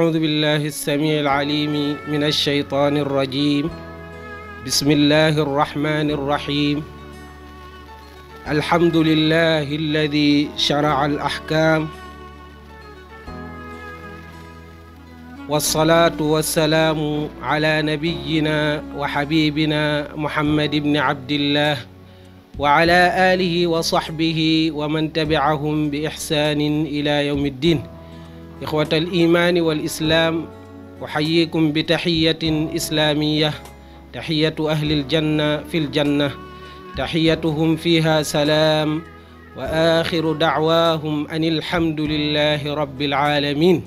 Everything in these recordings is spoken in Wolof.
أعوذ بالله السميع العليم من الشيطان الرجيم بسم الله الرحمن الرحيم الحمد لله الذي شرع الأحكام والصلاة والسلام على نبينا وحبيبنا محمد بن عبد الله وعلى آله وصحبه ومن تبعهم بإحسان إلى يوم الدين إخوة الإيمان والإسلام أحييكم بتحية إسلامية تحية أهل الجنة في الجنة تحيتهم فيها سلام وآخر دعواهم أن الحمد لله رب العالمين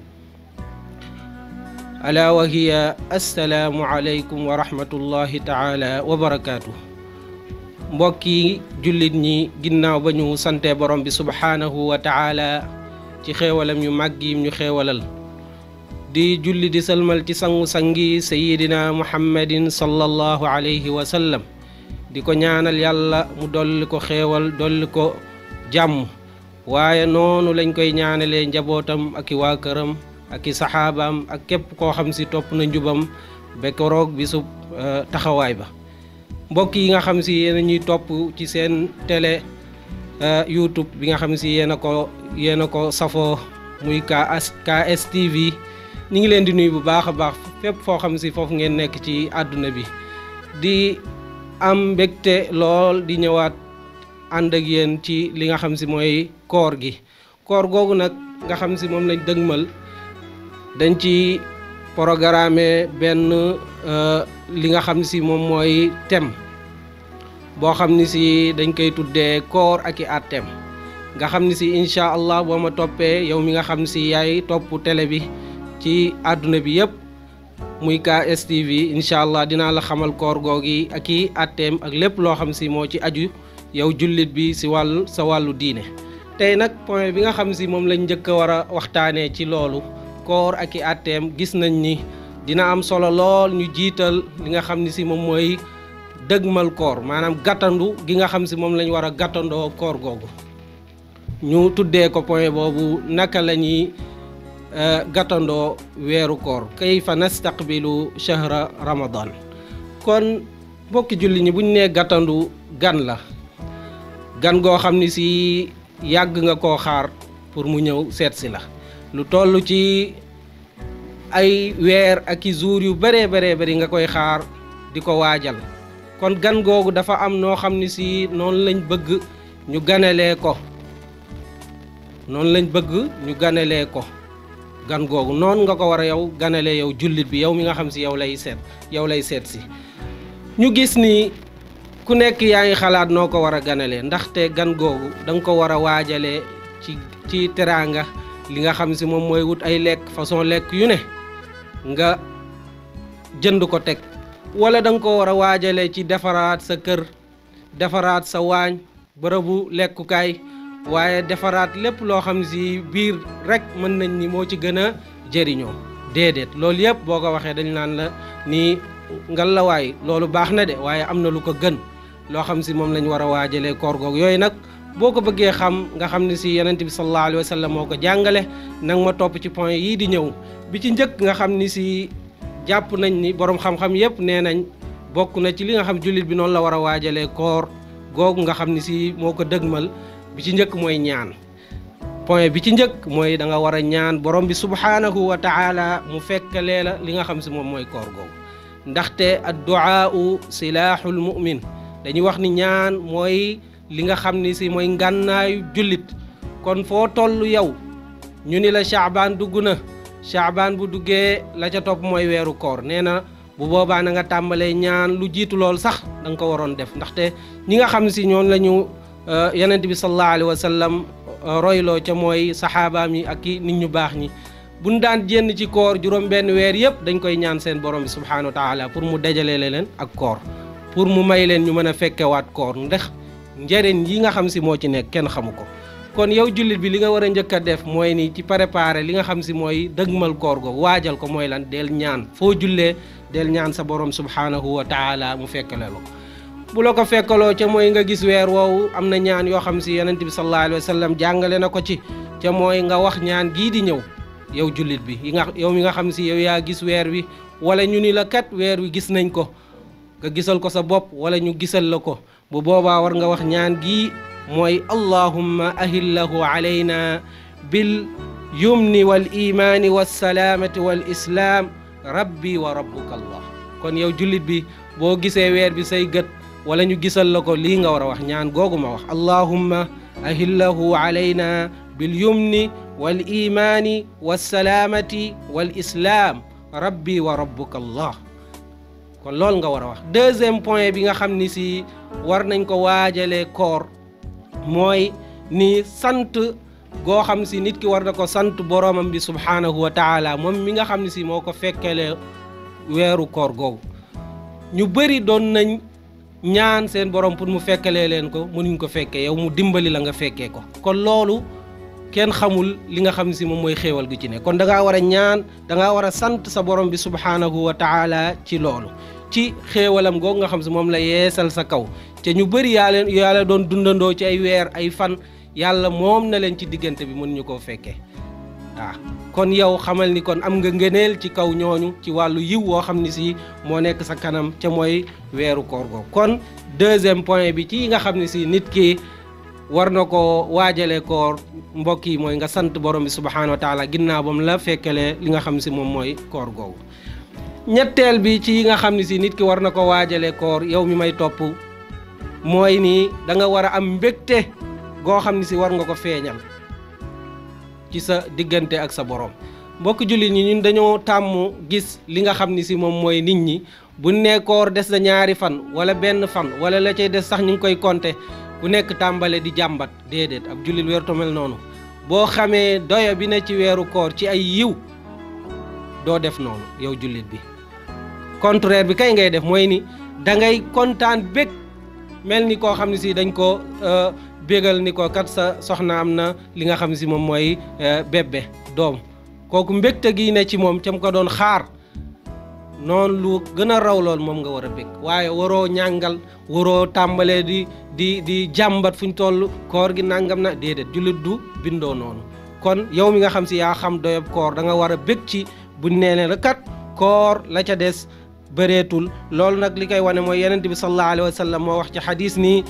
ألا وهي السلام عليكم ورحمة الله تعالى وبركاته mbokki jullit ñi ginnaaw ba ñu sante borom bi subhaanahu wa taala ci xéewalam yu màgg yi ñu xéewalal di julli di salmal ci sangu-sangi sayidina muhammadin sallallahu alayhi wa sallam di ko ñaanal yàlla mu dolli ko xéewal dolli ko jàmm waaye noonu lañ koy ñaanalee njabootam ak i waa këram ak i saxaabaam ak képp koo xam si topp na njubam bekoroog bisub euh, taxawaay ba mbokk yi nga xam si yéen ñuy topp ci seen télé Euh, YouTube bi nga xam si yéen ko yéen ko safoo muy KS KSTV ñu ngi leen di nuyu bu baax a baax fépp foo xam si foofu ngeen nekk ci àdduna bi di am mbégte lool di ñëwaat ànd ak yéen ci li nga xam si mooy koor gi koor googu nag nga xam si moom lañ dëgmal dañ ci programme benn euh, li nga xam si moom mooy thème boo xam ni si dañ koy tuddee koor ak i àtteem nga xam ni si incha allah boo ma toppee yow mi nga xam ni si yaay topp télé bi ci àdduna bi yëpp muy KSTV incha allah dinaa la xamal koor googi ak i àtteem ak lépp loo xam si moo ci aju yow jullit bi si wàll sa wàllu diine. tey nag point bi nga xam si moom lañ njëkk a war a waxtaanee ci loolu koor ak i àtteem gis nañ ni dina am solo lool ñu jiital li nga xam ni si moom mooy. dëgmal koor maanaam gàttandu gi nga xam si moom lañu war a gàttandoo koor googu ñu tuddee ko point boobu naka la ñuy euh, gàttandoo weeru koor kayfa nastaqbilu shahra ramadan kon mbokki julli ñi buñ nee gàttandu gan la gan goo xam ni si yàgg nga koo xaar pour mu ñëw seet si la lu toll ci ay weer ak i jour yu bëree bëree bari nga koy xaar di ko waajal kon gan googu dafa am noo xam ne sii noonu lañ bëgg ñu ganalee ko noonu lañ bëgg ñu ganalee ko gan googu noonu nga ko war a yow ganale yow jullit bi yow mi nga xam si yow lay seet yow lay seet si ñu gis ni ku nekk yaa ngi xalaat noo ko war a ganalee ndaxte gan googu danga ko war a waajale ci ci teraanga li nga xam si moom mooy wut ay lekk façon lekk yu ne nga jënd ko teg wala da nga ko war a waajale ci defaraat sa kër defaraat sa waañ bërëbu lekkukaay waaye defaraat lépp loo xam si biir rek mën nañ ni moo ci gën a jëriñoo déedéet loolu yëpp boo ko waxee dañ naan la nii ngal loolu baax na de waaye am na lu ko gën loo xam si moom lañ war a waajalee koor googu yooyu nag boo ko bëggee xam nga xam ne si yonent bi sallallahu alayhi wa sallam moo ko jàngale nag ma topp ci point yii di ñëw bi ci njëkk nga xam ni si jàpp nañ ni borom xam-xam yépp nee nañ bokk na ci li nga xam jullit bi noonu la war a waajalee koor googu nga xam ni si moo ko dëgmal bi ci njëkk mooy ñaan point bi ci njëkk mooy da war a ñaan borom bi subhaanahu wa taala mu fekkalee la li nga xam si moom mooy koor googu ndaxte adduaau silaaxul mu'min dañuy wax ni ñaan mooy li nga xam ni si mooy ngànnaayu jullit kon foo toll yow ñu ni la caabaan dugg na chaabaan bu duggee la ca topp mooy weeru koor nee na bu boobaa na nga tàmbalee ñaan lu jiitu lool sax da nga ko waroon def ndaxte ñi nga xam si ñoom la ñu euh, yonent bi sallallahu alayhi wa sallam euh, royloo ca mooy saxaabaam yi ak i nit ñu baax ñi buñ daan jénn ci koor juróom benn weer yëpp dañ koy ñaan seen borom bi subhanahu wa pour mu dajale leen ak koor pour mu may leen ñu mën a fekkewaat koor ndax njëriñ yi nga xam si moo ci nekk kenn xamu ko kon yow jullit bi li nga war a njëkk a def mooy nii ci préparer li nga xam si mooy dëgmal koor go waajal ko mooy lan del ñaan foo jullee del ñaan sa borom subhanahu wa taala mu fekkale la ko bu la ko fekkaloo ca mooy nga gis weer woowu am na ñaan yoo xam si yonent bi sallallahu alayhi wa sallam jàngale na ko ci ca mooy nga wax ñaan gii di ñëw yow jullit bi yi nga yow mi nga xam si yow yaa gis weer wi wala ñu ni la kat weer wi gis nañ ko nga gisal ko sa bopp wala ñu gisal la ko mooy allahumma ahillahu alayna bil yumni wal imaani wassalaamati wal islaam rabbi wa rabbuka allah kon yow jullit bi boo gisee weer bi say gët wala ñu gisal la ko lii nga war a wax ñaan googu ma wax allahumma ahillahu alayna bil yumni wal imaani wassalaamati wal islaam rabbi wa rabbuka allah kon loolu nga war a wax deuxième point bi nga xam ni si war nañ ko waajalee koor mooy ni sant goo xam si nit ki war na ko sant boroomam bi subhaanahu wa taala moom mi nga xam ne si moo ko fekkelee weeru koor googu ñu bëri doon nañ ñaan seen borom pour mu fekkelee leen ko mënuñ ko fekkee yow mu dimbali la nga fekkee ko kon loolu kenn xamul li nga xam si moom mooy xéewal gi ci ne kon da ngaa war a ñaan danga war a sant sa borom bi subhaanahu wa taala ci loolu ci xéewalam googu nga xam si moom la yeesal sa kaw ca ñu bari yaa leen yaa doon dundandoo ci ay weer ay fan yàlla moom na leen ci diggante bi mënuñu koo fekkee waaw ah, kon yow xamal ni kon am nga ngëneel ci kaw ñooñu ci wàllu yiw woo xam ni si moo nekk sa kanam ca mooy weeru koor googu kon deuxième point bi ci yi nga xam ne si nit ki war na ko waajale koor mbokk yi mooy nga sant borom bi subhaanahu wa taala ginnaaw la fekkelee li nga xam si moom mooy koor googu si nit ki war na ko waajale koor yow mi may topp mooy nii da nga war a am mbégte goo xam ne si war nga ko feeñal ci sa diggante ak sa borom mbokk jullit ñi ñun dañoo tàmm gis li nga xam ni si moom mooy nit ñi bu nekkoor des na ñaari fan wala benn fan wala la cay des sax ñu ngi koy compter bu nekk tàmbalee di jàmbat déedéet ab jullit weeru tamel noonu boo xamee doyo bi na ci weeru koor ci ay yiw doo def noonu yow jullit bi contraire bi kay ngay def mooy ni da kontaan bég mel ni koo xam ne si dañ ko euh, bégal ni ko kat sa soxna am na li nga xam ne si moom mooy euh, bébé doom kooku mbégte gi ne ci moom cam ko doon xaar noonu lu gën a raw lool moom nga war a bég waaye waroo ñàngal waroo tàmbalee di di di jàmbat fu ñu toll koor gi nangam na déedéet jullit du bindoo noonu kon yow mi nga xam si yaa xam doyob koor danga nga war a bég ci buñ nee ne la kat koor la ca des bëreetul loolu nag li koy wane mooy yonent bi sallallahu alayhi wa wax ci xadis nii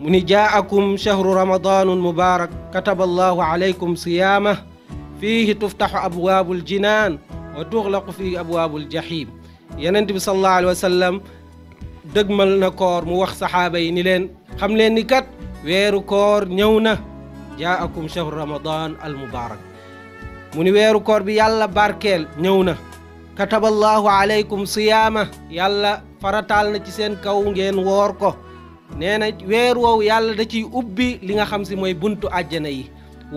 mu ni jaakum chahru ramadanun mubarak kataba allahu alaykum siyaama fiihi tuftaxu abwaabul jinaan wa tuxlaqu fii abwaabul jahim yonent bi alayhi wa sallam dëgmal na koor mu wax saxaaba yi ni leen xam leen ni kat weeru koor ñëw na jaakum chahru ramadan al weeru koor bi yàlla barkeel ñëw na kataballahu aleykum siyaama yàlla farataal na ci seen kaw ngeen woor ko nee na weer woowu yàlla da ciy ubbi li nga xam si mooy buntu àjjana yi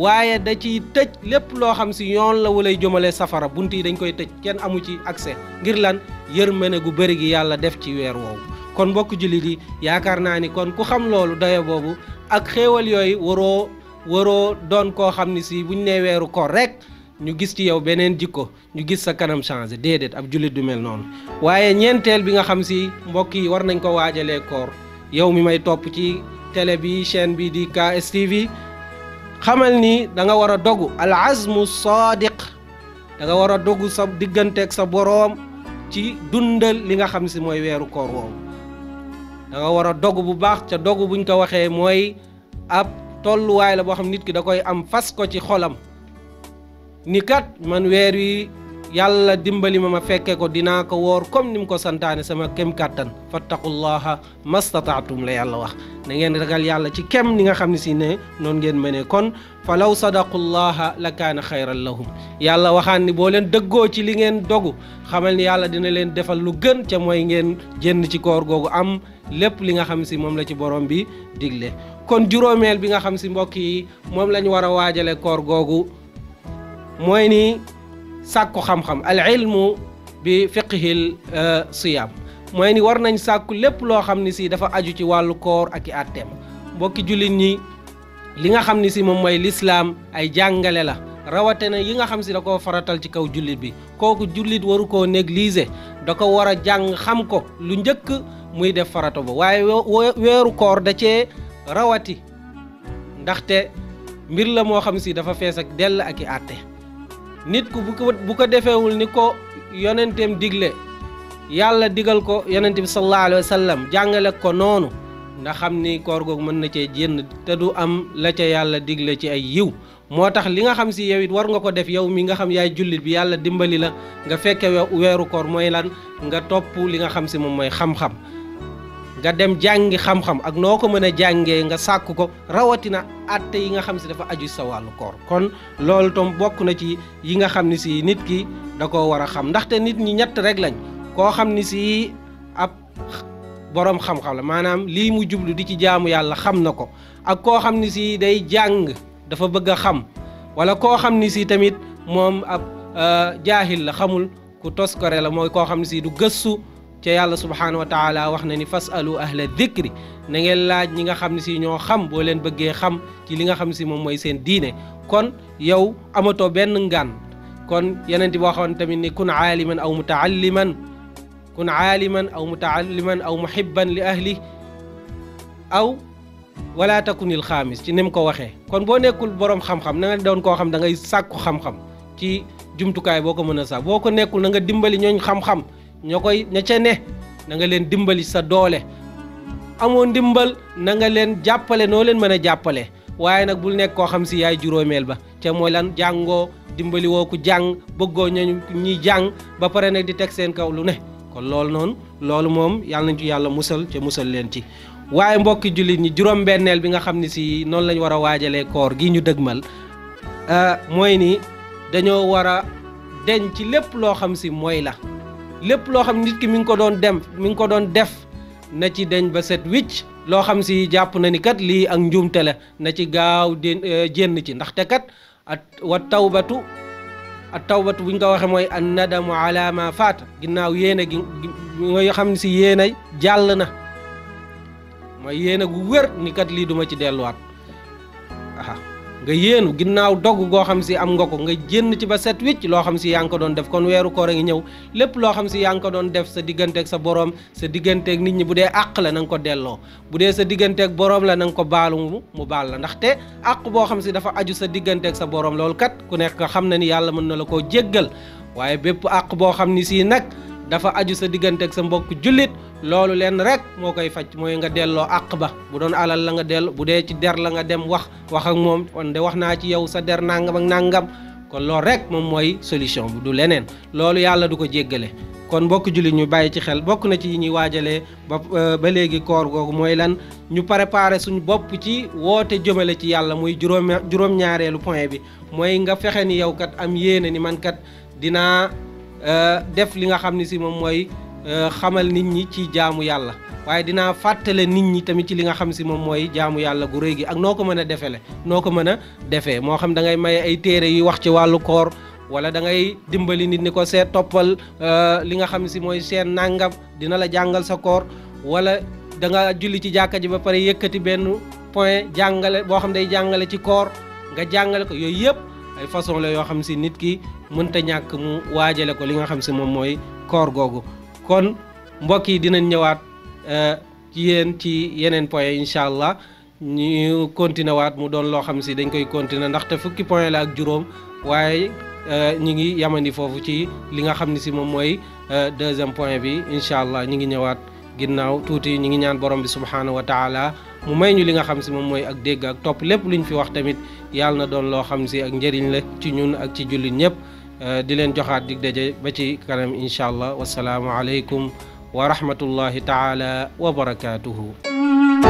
waaye da ciy tëj lépp loo xam si yoon la walay jëmale safara bunt yi dañ koy tëj kenn amu ci accès ngir lan yërmande gu bëri gi yàlla def ci weer woowu kon mbokk jullit yi yaakaar naa ni kon ku xam loolu dayo boobu ak xéewal yooyu waroo waroo doon koo xam ni si buñ nee weeru ko rekk ñu gis ci yow beneen jikko ñu gis sa kanam changé déedéet ab jullit du mel noonu waaye ñeenteel bi nga xam si mbokk yi war nañ ko waajalee koor yow mi may topp ci télé bi chaîne bi di KSTV xamal ni da nga war a dogu al azmu sadiq da nga war a dogu sa diggante ak sa boroom ci dundal li nga xam si mooy weeru koor woowu da nga war a dogu bu baax ca dogu buñ ko waxee mooy ab tolluwaay la boo xam nit ki da koy am fas ko ci xolam ni kat man weer wi yàlla dimbali ma ma fekke ko dinaa ko woor comme ni mu ko santaane sama kem kàttan fattaqullaha mastataatum la yàlla wax na ngeen ragal yàlla ci kem ni nga xam ne si ne noonu ngeen ma ne kon fa falaw sadaqullaha la kaana xayran lahum yàlla waxaan ni boo leen dëggoo ci li ngeen dogu xamal ni yàlla dina leen defal lu gën ca mooy ngeen jënd ci koor googu am lépp li nga xam si moom la ci borom bi digle kon juróomeel bi nga xam si mbokk yi moom lañ war a waajale koor googu mooy ni sàkku xam-xam al ilmu bi fiqhil euh, siyaam mooy ni war nañ sàkku lépp loo xam ne sii dafa aju ci wàllu koor ak i àtteem mbokki jullit ñi li nga xam ne si moom mooy lislaam ay jàngale la na yi nga xam si da koo faratal ci kaw jullit bi kooku jullit waru koo négliger da ko war a jàng xam ko lu njëkk muy def farato ba waaye weeru koor da cee rawati ndaxte mbir la moo xam si dafa fees ak dell ak i àtte nit ku bu ko bu ko defeewul ni ko yonenteem digle yàlla digal ko yonent bi sallallahu alayhi wa sallam jàngale ko noonu nga xam ni koor googu mën na cee jénn te du am la ca yàlla digle ci ay yiw moo tax li nga xam si yow it war nga ko def yow mi nga xam yaay jullit bi yàlla dimbali la nga fekke weeru koor mooy lan nga topp li nga xam si moom mooy xam-xam nga dem jàngi xam-xam ak noo ko mën a jàngee nga sàkk ko rawatina atte yi nga xam si dafa aju sa wàllu koor kon loolu tam bokk na ci yi nga xam ne si nit ki da koo war a xam ndaxte nit ñi ñett rek lañ koo xam ni si ab boroom xam-xam la maanaam lii mu jublu di ci jaamu yàlla xam na ko ak koo xam ni si day jàng dafa bëgg a xam wala koo xam ni si tamit moom ab euh, jaahil la xamul ku tos ko toskore la mooy koo xam ne sii du gëstu ca yàlla subhaanahu wa taala wax na ni fasalu ahla dikri na ngeen laaj ñi nga xam ne si ñoo xam boo leen bëggee xam ci li nga xam si moom mooy seen diine kon yow amatoo benn ngan kon yeneen boo xam tamit ni kun aaliman aw mutaalliman kun aaliman aw mutaalliman aw muhibban li ahli aw wala takunil xaamis ci ni mu ko waxee kon boo nekkul boroom xam-xam na doon koo xam da ngay sàkku xam-xam ci jumtukaay boo ko mën a sax boo ko nekkul na nga dimbali ñooñ xam-xam ña koy ña ca ne nanga leen dimbali sa doole amoo ndimbal na nga leen jàppale noo leen mën a jàppale waaye nag bul nekk koo xam si yaay juróomeel ba ca mooy lan jàngoo dimbali woo ku jàng bëggoo ñañu ñuy jàng ba pare nag di teg seen kaw lu ne kon loolu noonu loolu moom yàlla nañ ci yàlla musal ca musal leen ci waaye mbokki jullit ñi juróom-benneel bi nga xam ne si noonu lañu war a waajalee koor gi ñu dëgmal euh, mooy nii dañoo war a deñ ci lépp loo xam si mooy la lépp loo xam nit ki mi ngi ko doon dem mi ngi ko doon def na ci deñ ba set wicc loo xam si jàpp na ni kat lii ak njuumte la na ci gaaw dén eh, jénn ci ndaxte kat at wa tawbatu at tawbatu bu ñu ko waxee mooy an nadamu faat ma faata ginnaaw yéene gi nga xam si yéene jàll na mooy yéene gu wér ni kat lii duma ci delluwaat nga yéenu ginnaaw dogg goo xam si am nga ko nga jénn ci ba set wicc loo xam si yaa ngi doon def kon weeru koor a ngi ñëw lépp loo xam si yaa ngi doon def sa digganteeg sa boroom sa digganteeg nit ñi bu dee àq la na nga ko delloo bu dee sa digganteeg boroom la na nga ko baalu mu baal la ndaxte àq boo xam si dafa aju sa digganteeg sa boroom loolu kat ku nekk xam na ni yàlla mën na la koo jéggal waaye bépp àq boo xam ni sii nag dafa aju sa diggante ak sa mbokk jullit loolu leen rek moo koy faj mooy nga delloo àq ba bu doon alal la nga dellu bu dee ci der la nga dem wax wax ak moom kon de wax naa ci yow sa der nangam ak nàngam kon loolu rek moom mooy solution bu du leneen loolu yàlla du ko jéggale kon mbokk jullit ñu bàyyi ci xel bokk na ci yi ñuy waajalee ba ba léegi koor googu mooy lan ñu préparé suñu bopp ci woote jëmale ci yàlla muy juróom juróom-ñaareelu point bi mooy nga fexe ni yow kat am yéene ni man kat Euh, def li nga xam ne si moom mooy euh, xamal nit ñi ci jaamu yàlla waaye dinaa fàttale nit ñi tamit ci li nga xam si moom mooy jaamu yàlla gu rëy gi ak noo ko mën a defele noo ko mën a defee moo xam da ngay maye ay téere yi wax ci wàllu koor wala da ngay dimbali nit ni ko seet toppal euh, li nga xam si mooy seen nàngam dina la jàngal sa koor wala danga julli ci jàkka ji ba pare yëkkati benn point jàngale boo xam day jàngale ci koor nga jàngale ko yooyu yëpp façon la yoo xam si nit ki mënta ñàkk mu waajale ko li nga xam si moom mooy koor googu kon mbokk yi dinañ ñëwaat euh, ci yéen ci yeneen point incha allah ñu continué mu doon loo xam si dañ koy continué ndaxte fukki point la ak juróom waaye euh, ñu ngi yamandi foofu ci li nga xam ne si moom mooy euh, deuxième point bi incha allah ñu ngi ñëwaat. ginnaaw tuuti ñu ngi ñaan borom bi subhaanahu wa taala mu may ñu li nga xam si moom mooy ak dégg ak topp lépp lu ñu fi wax tamit yàlla na doon loo xam si ak njëriñ la ci ñun ak ci jullit ñëpp eh, di leen joxaat dig daje ba ci kanam incha allah wasalaamu aleykum wa rahmatullahi taala wa barakaatuhu